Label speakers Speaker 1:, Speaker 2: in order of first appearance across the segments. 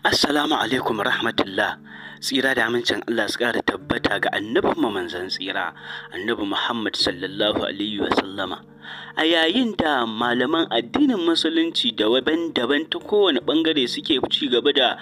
Speaker 1: Assalamu alaikum rahmatullah tsira da amincin Allah su ƙara tabbata ga annabin manzan tsira annabi Muhammad sallallahu alaihi wa a yayin da malaman addinin musulunci da daban ta kowane ɓangare suke ci gaba da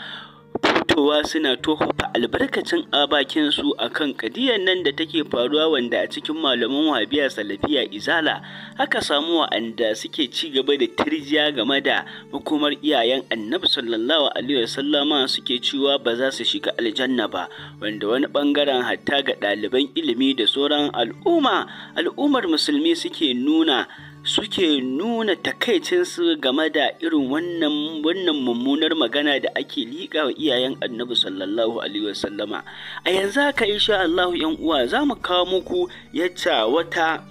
Speaker 1: fitowa suna tofafa albarkacin a bakin su akan kadiyar nan da take faruwa wanda a cikin malaman wahabiya salafiya izala aka samu wa'anda suke ci gaba da tirjiya game da hukumar iyayen annabi sallallahu alaihi wasallama suke cewa ba za su shiga aljanna ba wanda wani bangaren hatta ga ɗaliban ilimi da sauran al'umma al'ummar musulmi suke nuna suke nuna takaicinsu game da irin wannan wannan mummunar magana da ake liƙa wa iyayen annabi sallallahu alaihi wasallama a yanzu haka insha Allah yan uwa za mu kawo muku yacca wata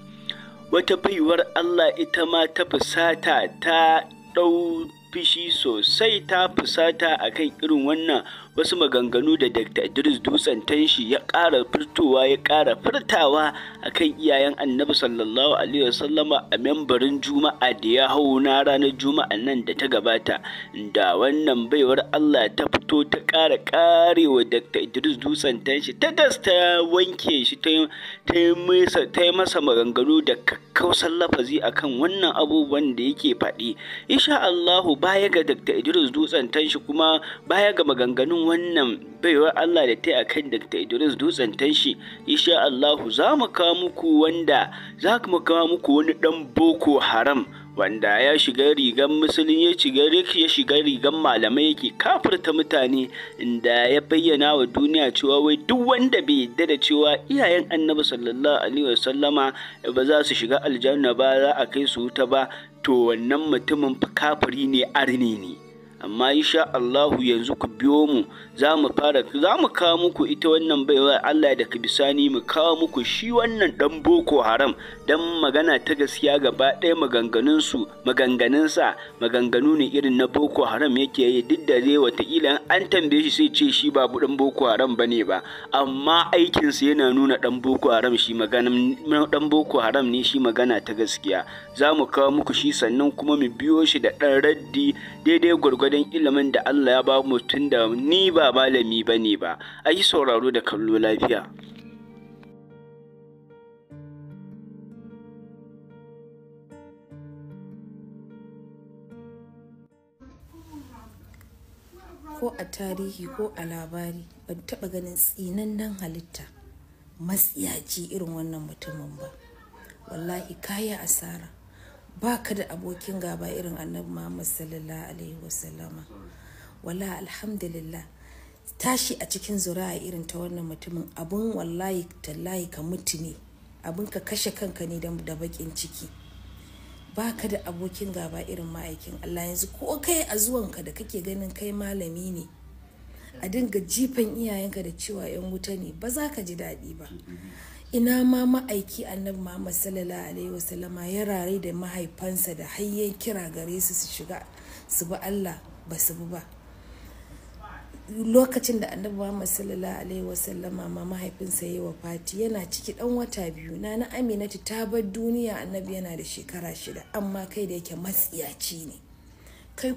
Speaker 1: wata baiwar Allah ita ma ta fusata ta ɗau fishi sosai ta fusata akan irin wannan wasu maganganu da Dr. Idris Dutsen Tanshi ya ƙara furtowa ya ƙara furtawa akan iyayen annabi sallallahu alaihi wasallama a membarin juma'a da ya hau na ranar juma'a nan da ta gabata da wannan baiwar allah ta fito ta ƙara ƙarewa dr idris dutsen tanshi ta ta wanke shi ta yi masa maganganu da kakkausan lafazi akan wannan abubuwan da yake faɗi insha allahu baya ga dr idris dutsen tanshi kuma baya ga maganganun wannan baiwar allah da ta yi akan dr idris dutsen tanshi insha allahu za mu kawo muku wanda za mu kawo muku wani ɗan boko haram wanda ya shiga rigar musulun ya shiga ya shiga malamai yake kafirta mutane inda ya bayyana wa duniya cewa wai duk wanda bai yadda da cewa iyayen annabi sallallahu alaihi wasallama ba za su shiga aljanna ba za a kai su wuta ba to wannan mutumin kafiri ne arni ne amma insha Allahu yanzu ku biyo mu za mu fara za mu kawo muku ita wannan baiwa Allah da ka bisani mu kawo muku shi wannan dan boko haram dan magana ta gaskiya gaba ɗaya maganganun su maganganun sa maganganu ne irin na boko haram yake yi duk da zai wata ila an tambaye shi sai ce shi ba dan boko haram bane ba amma aikin sa yana nuna dan boko haram shi magana dan boko haram ne shi magana ta gaskiya za mu kawo muku shi sannan kuma mu biyo shi da dan raddi daidai gwargwadon ilimin da Allah ya ba mutum da ni ba malami ba ne ba a yi sauraro da kallo lafiya ko a tarihi
Speaker 2: ko a labari ban taɓa ganin tsinannen halitta matsiyaci irin wannan mutumin ba wallahi kaya asara ba ka da abokin gaba irin annabi muhammad sallallahu alaihi wasallama wala alhamdulillah tashi a cikin zuri'a irin ta wannan mutumin abun wallahi tallahi ka mutu ne abun ka kashe kanka ne da bakin ciki ba ka da abokin gaba irin ma'aikin allah yanzu ko kai a zuwanka da kake ganin kai malami ne a dinga jifan iyayenka da cewa 'yan wuta ne ba za ka ji daɗi ba ina ma ma'aiki annabi muhammad sallallahu alaihi wasallama ya rare da mahaifansa da hayyan kira gare su su shiga su bi allah ba su bi ba lokacin da annabi muhammad sallallahu alaihi wasallama ma mahaifinsa ya yi wa fati yana ciki dan wata biyu na na aminatu ta bar duniya annabi yana da shekara shida amma kai da yake matsiyaci ne kai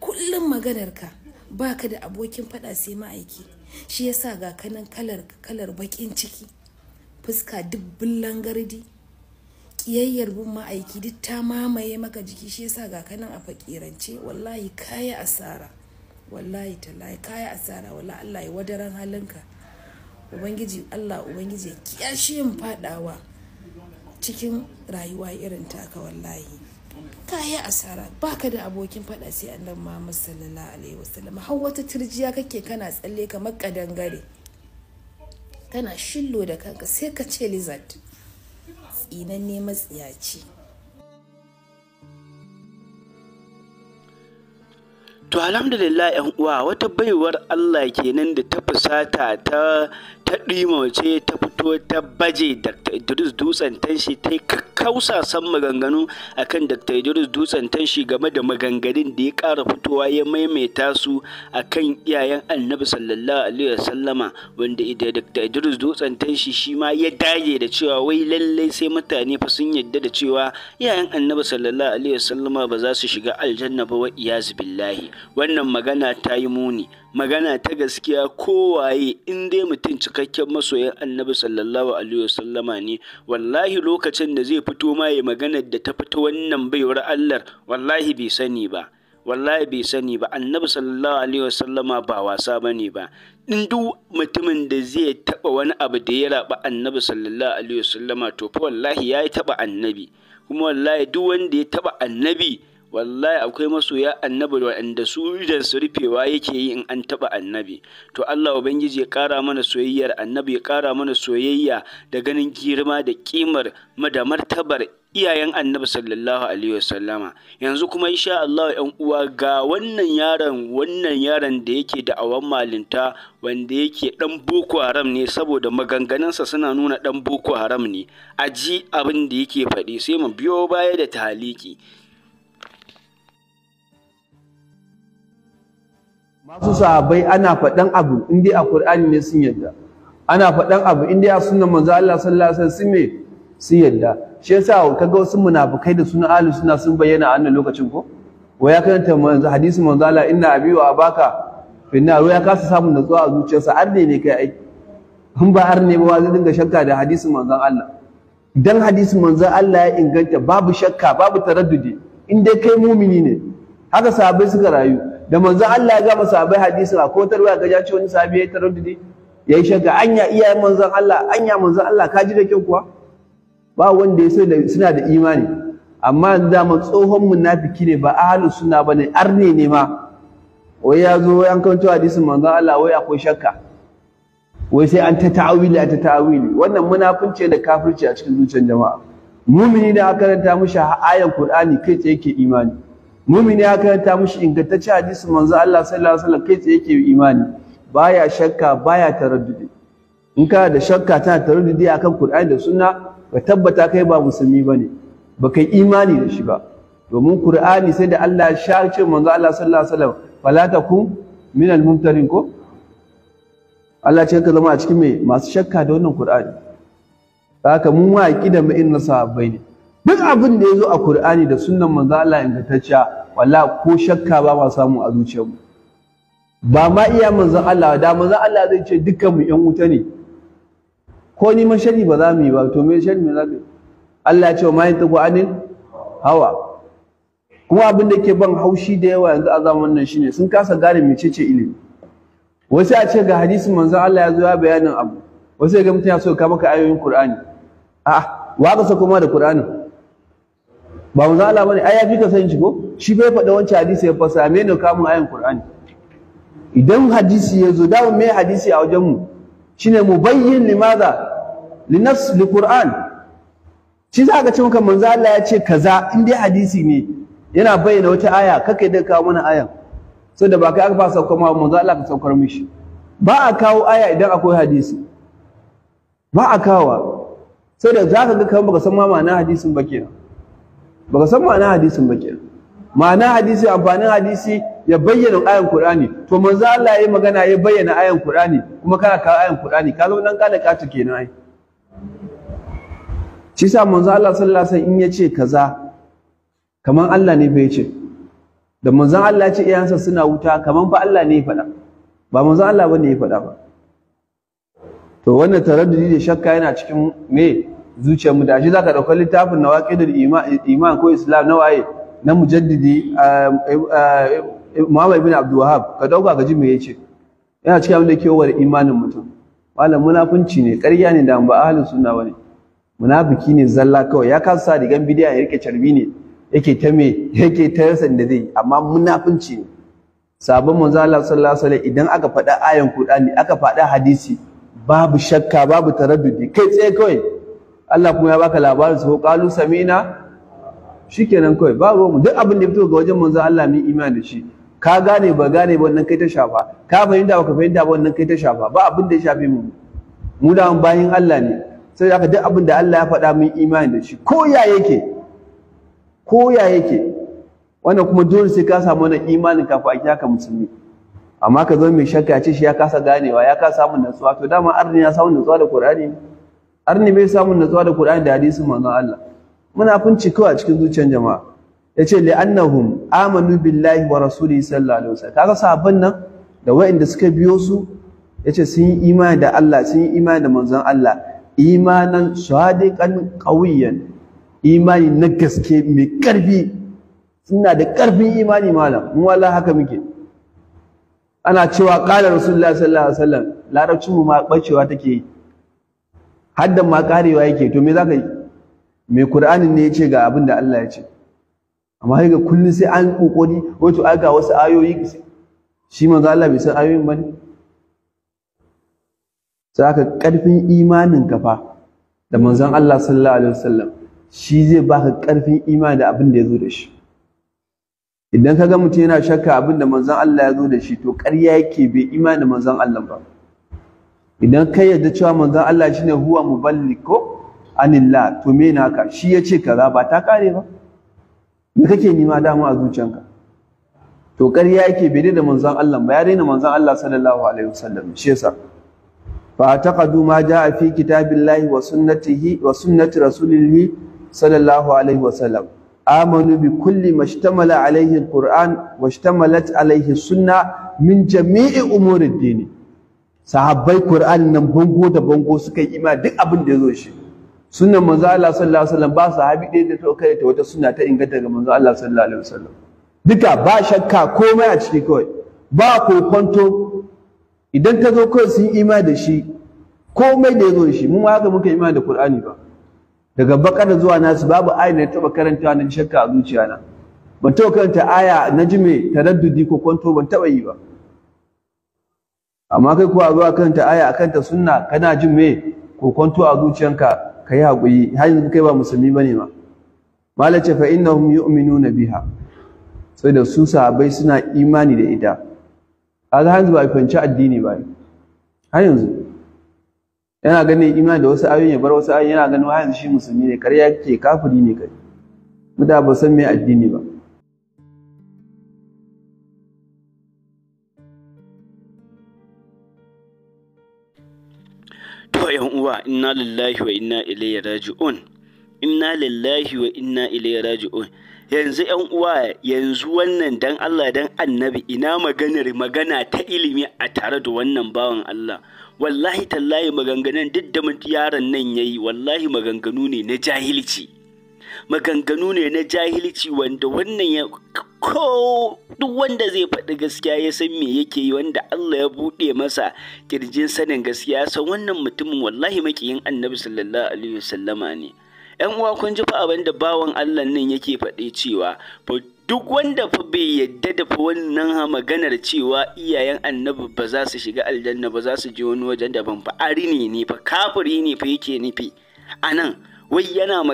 Speaker 2: kullum maganarka ba ka da abokin faɗa sai ma'aiki shi yasa ga kanan kalar kalar bakin ciki fuska duk bullan gardi kiyayyar bin ma'aiki duk ta mamaye maka jiki shi yasa ga kanan a fakirance wallahi kaya asara wallahi tallahi kaya asara wallahi Allah ya wadaran halinka ubangiji Allah ubangiji ya kiyashe yin fadawa cikin rayuwa irin taka wallahi kaya asara baka da abokin fada sai annabi Muhammad sallallahu alaihi wasallam har wata turjiya kake kana tsalle kamar kadangare kana shillo da kanka sai ka ce lizard tsinanne matsiyaci
Speaker 1: To alhamdulillah yan uwa wata baiwar Allah kenan da ta fusata ta ta ce ta fito ta baje Dr. Idris Dutsen Tanshi ta yi san maganganu akan Dr. Idris Dutsen Tanshi game da maganganun da ya ƙara fitowa ya maimaita su akan iyayen Annabi sallallahu alaihi wasallama wanda Dr. Idris Dutsen Tanshi shi ma ya dage da cewa wai lallai sai mutane fa sun yadda da cewa iyayen Annabi sallallahu alaihi wasallama ba za su shiga aljanna ba wa iyazu billahi wannan magana ta yi muni magana ta gaskiya kowaye in dai mutum cikakken masoyin annabi sallallahu alaihi wasallama ne wallahi lokacin da zai fito ma ya maganar da ta fito wannan baiwar Allah wallahi bai sani ba wallahi bai sani ba annabi sallallahu alaihi wasallama ba wasa bane ba in duk mutumin da zai taba wani abu da ya raba annabi sallallahu alaihi wasallama to fa wallahi ya taba annabi kuma wallahi duk wanda ya taba annabi wallahi akwai masoya annabi waɗanda su idan su rufewa yake yi in an taɓa annabi to Allah ubangiji ya kara mana soyayyar annabi ya kara mana soyayya da ganin girma da kimar da martabar iyayen annabi sallallahu alaihi wasallama yanzu kuma insha Allah yan uwa ga wannan yaron wannan yaron da yake da awan malinta wanda yake dan boko haram ne saboda maganganunsa suna nuna dan boko haram ne aji abin da yake faɗi sai mu biyo baya da taliki
Speaker 3: masu sahabai ana faɗan abu in dai a Kur'ani ne sun yadda ana faɗan abu in dai a sunan manzo Allah sallallahu alaihi wasallam me sun yadda shi yasa kaga wasu munafukai da sunan ahlus sunna sun bayyana a wannan lokacin ko waya ta manzo hadisi manzo Allah inna abi wa abaka finna ya kasa samun natsuwa a zuciyarsa arne ne kai aiki Hun ba arne ba zai dinga shakka da hadisi manzo Allah dan hadisi manzo Allah ya inganta babu shakka babu taraddudi in dai kai mumini ne haka sahabbai suka rayu da manzo Allah ya gama sahabbai hadisi a ko tarwa ga ya ce wani sahabi ya taraddudi yayi shakka anya iyayen manzon Allah anya manzon Allah ka ji da kyau kuwa ba wanda ya sai suna da imani amma da mu tsohon munafiki ne ba ahlu sunna bane arne ne ma wai ya zo an kanto hadisin manzon Allah wai akwai shakka wai sai an ta ta'awili a ta ta'awili wannan munafunci da kafirci a cikin zuciyar jama'a mumini da aka karanta mushi ayan Qur'ani kai tsaye yake imani mumini ya karanta mushi ingantaccen hadisi manzo Allah sallallahu alaihi wasallam kai tsaye yake imani baya shakka baya taraddudi in ka da shakka tana taraddudi akan Qur'ani da Sunna ka tabbata kai ba musulmi bane baka imani da shi ba domin Qur'ani sai da Allah ya sharce manzo Allah sallallahu alaihi wasallam fala takum min al-mumtarin ko Allah ce ka zama a cikin mai masu shakka da wannan Qur'ani haka mu wa aqidan ma inna sahabbai ne duk abin da ya zo a Kur'ani da sunnan manzo Allah ingantacciya wallahi ko shakka ba ma samu a zuciyarmu ba ma iya manzon Allah da manzon Allah zai ce dukkan mu yan wuta ne ko ni ma shari ba za mu yi ba to me shari me za ka Allah ya ce ma yantaku anin hawa kuma abin da ke ban haushi da yawa yanzu a zamanin nan shine sun kasa gane mecece ilimi wasu a ce ga hadisin manzo Allah ya zo ya bayanin abu wasu ya ga mutum ya so ka maka ayoyin Qur'ani a'a wa ka sako ma da Qur'anin ba manzo Allah bane ai ya fi ka san shi ko shi bai faɗa wancan hadisi ya fasa me ne kamun ayan Qur'ani idan hadisi ya zo dawo me hadisi a wajen mu shine bayyin limaza li Qur'an shi za ka ce maka manzo Allah ya ce kaza in dai hadisi ne yana bayyana wata aya kaka da kawo mana ayan saboda ba kai aka fasa saukar ma manzo Allah ka saukar mishi ba a kawo aya idan akwai hadisi ba a kawo saboda za ka ga kamar baka san ma ma'ana hadisin ba kenan baka san ma'ana hadisin ba kenan ma'ana hadisi amfanin hadisi ya bayyana ayan Qur'ani to manzo Allah yayi magana ya bayyana ayan Qur'ani kuma kana kawo ayan Qur'ani ka zo nan kana ta kenan ai shi sa manzo Allah sallallahu alaihi wasallam in yace kaza kaman Allah ne fa yace da manzo Allah ya ce iyansa suna wuta kaman fa Allah ne ya faɗa ba manzo Allah bane ya faɗa ba to wannan taraddudi da shakka yana cikin me zuciyar mu da za zaka dauka littafin na da iman ko islam na waye na mujaddidi eh, eh, Muhammad ibn Abdul ka dauka ka ji me yace yana cikin abin da ke wawar imanin mutum malam munafunci ne ƙarya ne da ba suna sunna bane munafiki ne zalla kawai ya kasa digan bidiya ya rike carbi ne yake ta me yake ta yasan da zai amma munafunci ne sabon manzo Allah sallallahu alaihi wasallam idan aka faɗa ayan Qur'ani aka faɗa hadisi babu shakka babu taraddudi kai tsaye kawai Allah kuma ya baka labarin su qalu sami'na shikenan kawai ba ruwan duk abin da ya fito ga wajen manzo Allah mu imani da shi ka gane ba gane ba wannan kai ta shafa ka fahimta ba ka fahimta ba wannan kai ta shafa ba abin da ya shafe mu mu da bayin Allah ne sai aka duk abin da Allah ya faɗa mun imani da shi ko ya yake ko ya yake wannan kuma dole sai ka samu wannan imanin kafin a kiyaka musulmi amma ka zo mai shakka ya ce shi ya kasa ganewa ya kasa samun nutsuwa. to dama arni ya samu nutsuwa da Qur'ani arni bai samun natsuwa da Qur'ani da hadisin manzon Allah Muna kawai cikin zuciyar jama'a yace li annahum amanu billahi wa rasulihi sallallahu alaihi wasallam kaga sahabban nan da wa'inda suka biyo su yace sun yi imani da Allah sun yi imani da manzon Allah imanan sadiqan qawiyan imani na gaske mai karfi suna da karfin imani malam mu wallahi haka muke ana cewa qala rasulullahi sallallahu alaihi wasallam larabcin mu ma bacewa take yi haddan ma karewa yake to me zaka yi me qur'anin ne yace ga abin da Allah ya ce amma ga kullun sai an kokori wato aga wasu ayoyi shi manzo Allah bai san ayoyin bane sai karfin imanin ka fa da manzon Allah sallallahu alaihi wasallam shi zai baka karfin imani da abin da ya zo da shi idan ka ga mutum yana shakka abin da manzon Allah ya zo da shi to ƙarya yake bai imani da manzon Allah ba idan kai yadda cewa manzon Allah shine huwa muballiko anilla to me naka shi yace kaza ba ta kare ba me kake nima dama a zuciyanka to ƙarya yake bai da manzon Allah ba ya daina manzon Allah sallallahu alaihi wasallam shi yasa fa taqadu ma jaa fi kitabillahi wa sunnatihi wa sunnati rasulihi sallallahu alaihi wasallam amanu bi kulli mashtamala alaihi alquran washtamalat alaihi sunna min jami'i umuri dini sahabbai Qur'an nan bango da bango suka yi ima duk abin da ya zo shi sunan manzo Allah sallallahu alaihi wasallam ba sahabi ɗaya da ta kai ta wata sunna ta inganta daga manzo Allah sallallahu alaihi wasallam duka ba shakka komai a ciki kawai ba kokonto idan ta zo kawai sun ima da shi komai da ya zo shi mun haka muka ima da Qur'ani ba daga bakara zuwa nasu babu ayin da taɓa karantawa na shakka a zuciyana ban taɓa karanta aya na jime taraddudi ko kwanto ban taba yi ba amma kai kuwa zuwa kanta aya a kanta sunna kana jin me kokonto a zuciyanka yi haƙuri har yanzu kai ba musulmi ba ne ma malai ce fa innahum na biha sai da su sahabbai suna imani da ita A ga hanzu ba a fahimci addini ba har yanzu yana ganin imani da wasu ayoyin ya bar wasu ayoyin yana ganin har yanzu shi musulmi ne ƙarya ke kafiri ne kai mu da ba san me addini ba
Speaker 1: ‘yan uwa, inna lillahi wa inna ilayhi raji'un. Inna lillahi wa inna ilayhi raji'un. Yanzu ‘yan uwa, yanzu wannan dan Allah dan annabi ina maganar magana ta ilimi a tare da wannan bawan Allah. Wallahi tallahi maganganun duk da yaron nan yayi, wallahi maganganu ne na jahilci. maganganu ne na jahilci wanda wannan ya ko duk wanda zai faɗi gaskiya ya san me yake yi wanda Allah ya buɗe masa kirjin sanin gaskiya san wannan mutumin wallahi makiyin annabi sallallahu alaihi wasallama ne yan uwa kun ji fa abin bawan Allah nan yake faɗi cewa duk wanda fa bai yadda da fa wannan maganar cewa iyayen annabi ba za su shiga aljanna ba za su je wani wajen daban fa arini ne fa kafiri ne fa yake nufi a nan wai yana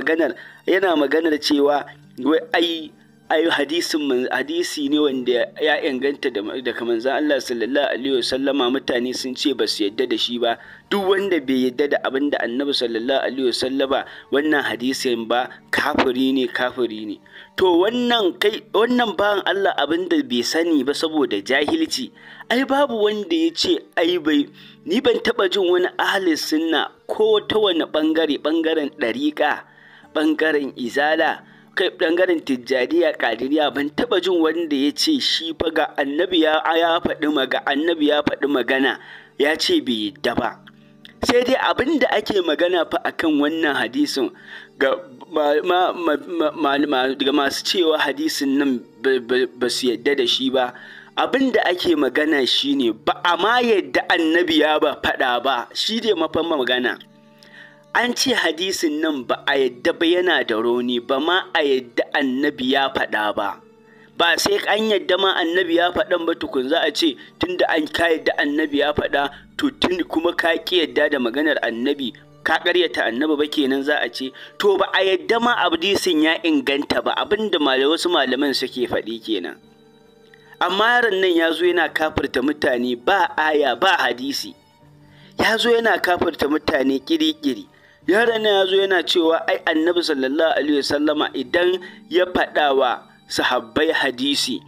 Speaker 1: maganar cewa wai ai ai hadisin hadisi ne wanda ya inganta daga manzan Allah sallallahu alaihi wasallama mutane sun ce ba su yadda da shi ba duk wanda bai yadda da abin da annabi sallallahu alaihi wasallama wannan hadisin ba kafiri ne kafiri ne to wannan kai wannan bayan Allah abin da bai sani ba saboda jahilci ai babu wanda ya ce ai bai ni ban taba jin wani ahli sunna ko ta wani bangare bangaren dariƙa bangaren izala kai bangaren tijjaniya ƙadiriya ban taɓa jin wanda ya ce shi fa ga annabi ya faɗi maga annabi ya faɗi magana ya ce bai yadda ba sai dai abin da ake magana fa akan wannan hadisin ga masu cewa hadisin nan ba su yadda da shi ba abin da ake magana shine ba a ma yadda annabi ya ba faɗa ba shi dai mafan magana an ce hadisin nan ba a yadda ba yana da rauni ba ma a yadda annabi ya faɗa ba ba sai an yadda ma annabi ya faɗan ba tukun za a ce tunda an ka yadda annabi ya faɗa to tun kuma ka ki yadda da maganar annabi ka karyata annabi ba kenan za a ce to ba a yadda ma abdisin ya inganta ba abinda da wasu malaman suke faɗi kenan amma yaron nan ya zo yana kafarta mutane ba aya ba hadisi ya zo yana kafarta mutane kiri-kiri yaron nan ya zo yana cewa ai annabi sallallahu alaihi wasallama idan ya faɗa wa sahabbai hadisi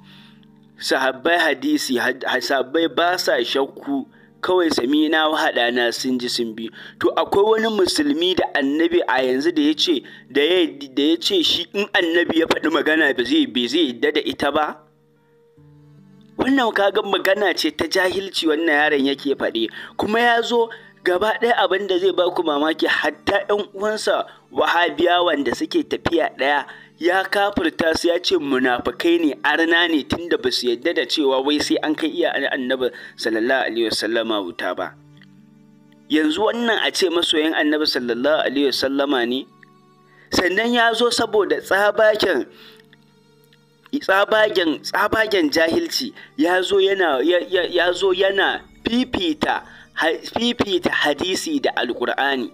Speaker 1: sahabbai hadisi sahabbai ba sa shakku kawai samina na sun ji sun bi to akwai wani musulmi da annabi a yanzu da ya ce da ya shi in annabi ya faɗi magana ba zai bai zai yadda da ita ba wannan kaga magana ce ta jahilci wannan yaron yake faɗi kuma ya zo gaba ɗaya abin da zai baku mamaki hatta 'yan uwansa wahabiya wanda suke tafiya ɗaya ya kafirta su ya ce munafukai ne arna ne tunda ba su yadda da cewa wai sai an kai iya annabi sallallahu alaihi wasallama wuta ba yanzu wannan a ce masoyin annabi sallallahu alaihi wasallama ne sannan ya zo saboda tsabagen tsabagen tsabagen jahilci ya zo yana ya zo yana fifita fifita hadisi da alkur'ani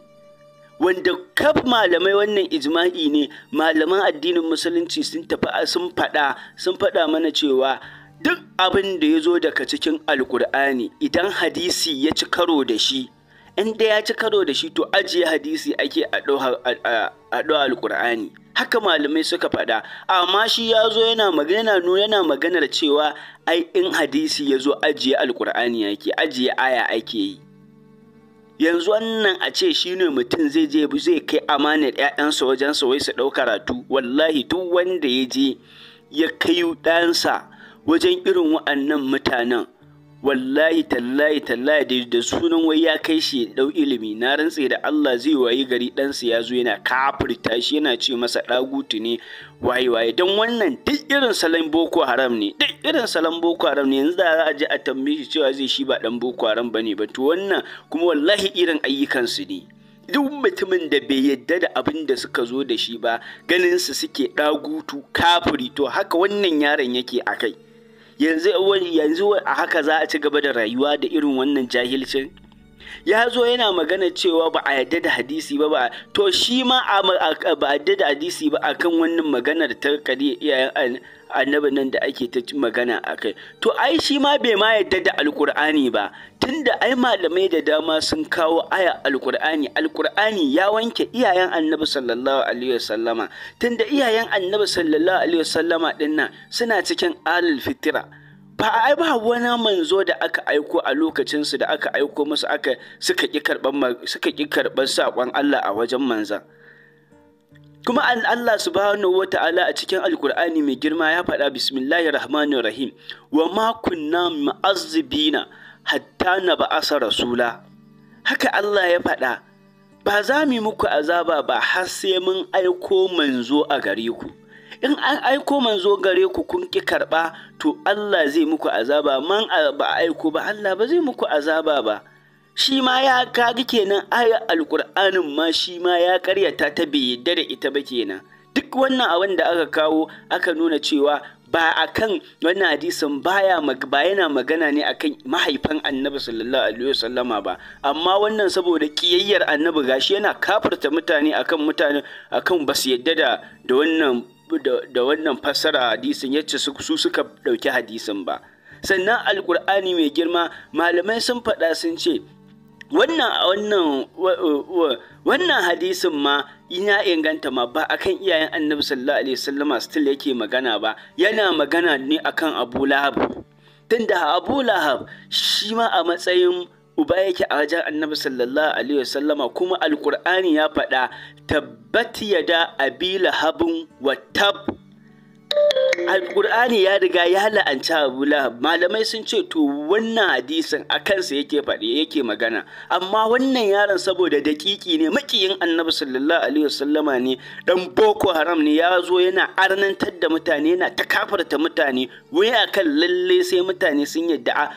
Speaker 1: wanda kaf malamai wannan ijma'i ne malaman addinin musulunci sun tafi sun faɗa sun faɗa mana cewa duk abin da ya zo daga cikin alkur'ani idan hadisi ya ci karo da shi in da ya ci karo da shi to ajiye hadisi ake a ɗau alƙur'ani haka malamai suka faɗa amma shi ya zo yana magana yana maganar cewa ai in hadisi ya zo ajiye alƙur'ani yake ajiye aya ake yi yanzu wannan a ce shi ne mutum zai je zai kai amanar 'ya'yansa wajensa wai su ɗau karatu wallahi duk wanda ya je ya kai ɗansa wajen irin wa'annan mutanen wallahi tallahi tallahi da sunan wai ya kai shi dau ilimi na rantse da Allah zai wayi gari ɗansa ya zo yana kafirta shi yana ce masa ɗagutu ne waye waye don wannan duk irin salon boko haram ne duk irin salon boko haram ne yanzu da za a je a tambaye shi cewa zai shi ba dan boko haram bane ba to wannan kuma wallahi irin ayyukan su ne duk mutumin da bai yadda da abin da suka zo da shi ba ganin su suke ɗagutu kafiri to haka wannan yaron yake a kai yanzu a haka za a ci gaba da rayuwa da irin wannan jahilcin ya zo yana magana cewa ba a yadda da hadisi ba ba to shi ma ba a yadda da hadisi ba akan wannan maganar ta kare iyayen annabin nan da ake ta magana a kai to ai shi ma bai ma yadda da alkur'ani ba tunda ai malamai da dama sun kawo aya alkur'ani alkur'ani ya wanke iyayen annabi sallallahu alaihi wasallama tunda iyayen annabi sallallahu alaihi wasallama dinnan suna cikin alal fitira ba a ba wani manzo da aka aiko a lokacinsu da aka aiko musu aka suka ƙi karɓar saƙon Allah a wajen manzan. kuma Allah subhanahu ta'ala a cikin alkur'ani mai girma ya faɗa bismillahir rahmanir rahim wa ma kunna mu'azzibina hatta na ba'asa rasula haka Allah ya faɗa ba za mu muku azaba ba har sai mun aiko manzo a gare ku in an aiko manzo gare ku kun ki karɓa to Allah zai muku azaba man ba aiko ba Allah ba zai muku azaba ba shi ma ya kagi kenan ayar alkur'anin ma shi ma ya karyata ta bai yadda da ita ba kenan duk wannan abin da aka kawo aka nuna cewa ba a kan wannan hadisin baya ba yana magana ne akan mahaifan annabi sallallahu alaihi wasallama ba amma wannan saboda kiyayyar annabi gashi yana kafirta mutane akan mutane akan ba su yadda da wannan fassara hadisin yacce su suka dauki hadisin ba sannan alkur'ani mai girma malamai sun faɗa sun ce wannan wannan wannan hadisin ma ina inganta ma ba akan iyayen annabi sallallahu alaihi wasallama still yake magana ba yana magana ne akan abu lahab tunda abu lahab shi ma a matsayin uba yake a wajen annabi sallallahu alaihi wasallama kuma alkur'ani ya faɗa tabbat yada abi lahabin wa tab Alƙur'ani ya riga ya la'anci abu lahab malamai sun ce to wannan hadisin a kansa yake faɗi yake magana amma wannan yaron saboda daƙiƙi ne makiyin annabi sallallahu alaihi wasallama ne dan boko haram ne ya zo yana arnantar da mutane yana ta kafarta mutane wai akan lalle sai mutane sun yadda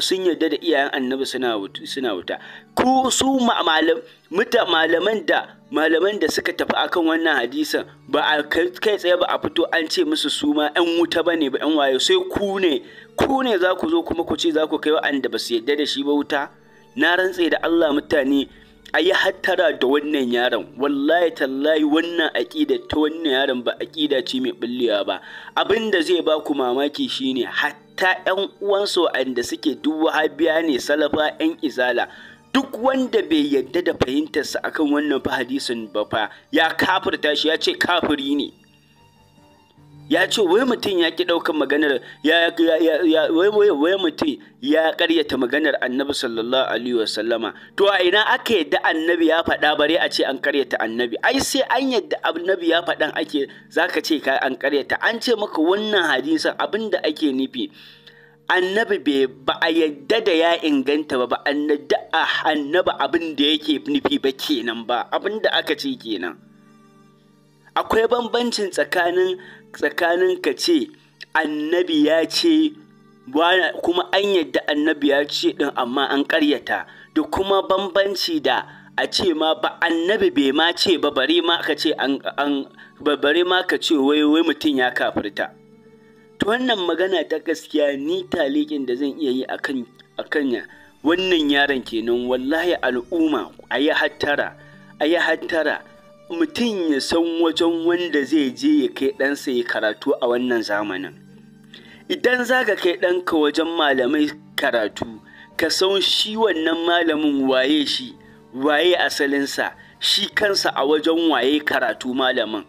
Speaker 1: sun yadda da iyayen annabi suna wuta ku su malamai da malaman da suka tafi akan wannan hadisin ba a kai tsaye ba a fito an ce musu su ma yan wuta ba ne ba yan wayo sai ku ne ku ne za ku zo kuma ku ce za ku kai wa'anda ba su yadda da shi ba wuta na rantse da Allah mutane a yi hattara da wannan yaron wallahi tallahi wannan aƙida ta wannan yaron ba aƙida ce mai ɓullewa ba abin da zai ba ku mamaki shine hatta 'yan uwansu wa'anda suke duk wahabiya ne salafa 'yan izala duk wanda bai yadda da fahimtarsa akan wannan fa hadisin ba fa ya kafirta shi ya ce kafiri ne ya ce wai mutum ya ki ɗaukar maganar ya wai mutum ya ƙaryata maganar annabi sallallahu alaihi wasallama to a ina aka yadda annabi ya faɗa bare a ce an ƙaryata annabi ai sai an yadda annabi ya faɗan ake zaka ce ka an ƙaryata an ce maka wannan hadisin abinda ake nufi annabi ba a yadda da ya inganta ba ba annabi abin da yake nufi ba kenan ba abin da aka ce kenan akwai bambancin tsakanin tsakanin ka ce annabi ya ce kuma an yadda annabi ya ce din amma an karyata da kuma bambanci da a ce ma ba annabi bai ma ce ba bare ma ka ce an ma ka ce wai wai mutum ya kafirta To wannan magana ta gaskiya ni talikin da zan iya yi a kanya wannan yaron kenan wallahi al'umma a yi hattara a yi hattara mutum ya san wajen wanda zai je ya kai ɗansa ya karatu a wannan zamanin idan za ka kai ɗanka wajen malamai karatu ka san shi wannan malamin waye shi waye asalinsa shi kansa a wajen waye karatu malamin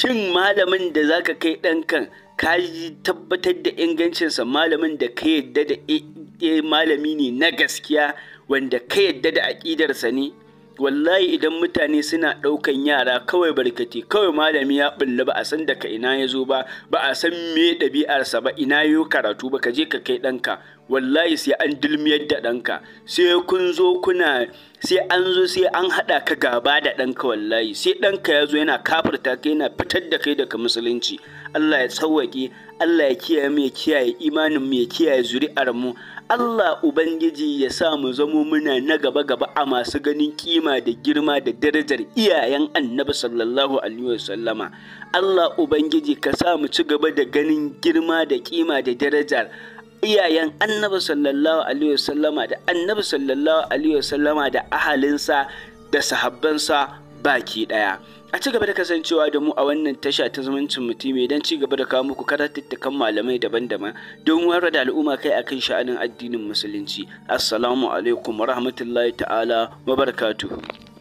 Speaker 1: shin malamin da za ka kai ɗankan ka tabbatar da ingancinsa malamin da ka yadda da e malami ne na gaskiya wanda ka yadda da aƙidarsa ne wallahi idan mutane suna ɗaukan yara kawai barkati kawai malami ya ɓulla ba a san daga ina ya zo ba ba a san me ɗabi'arsa ba ina yo karatu ba ka je ka kai ɗanka wallahi sai an dilmiyar da ɗanka sai kun zo kuna sai an zo sai an haɗa ka gaba da ɗanka wallahi sai ɗanka ya zo yana kafarta ka yana fitar da kai daga musulunci Allah ya tsawwake Allah ya kiyaye mu ya kiyaye imanin mu ya kiyaye zuri'ar mu Allah ubangiji ya sa mu zamo muna na gaba gaba a masu ganin kima da girma da darajar iyayen Annabi sallallahu alaihi wasallama Allah ubangiji ka sa mu ci gaba da ganin girma da kima da darajar iyayen annabi sallallahu alaihi wasallama da annabi sallallahu alaihi wasallama da ahalinsa da sahabbansa baki daya a ci gaba da kasancewa da mu a wannan tasha ta zumuncin mutumi don ci gaba da kawo muku karatattakan malamai daban-daban don wayar da al'umma kai a kan sha'anin addinin musulunci assalamu alaikum wa rahmatullahi ta'ala wa barakatuhu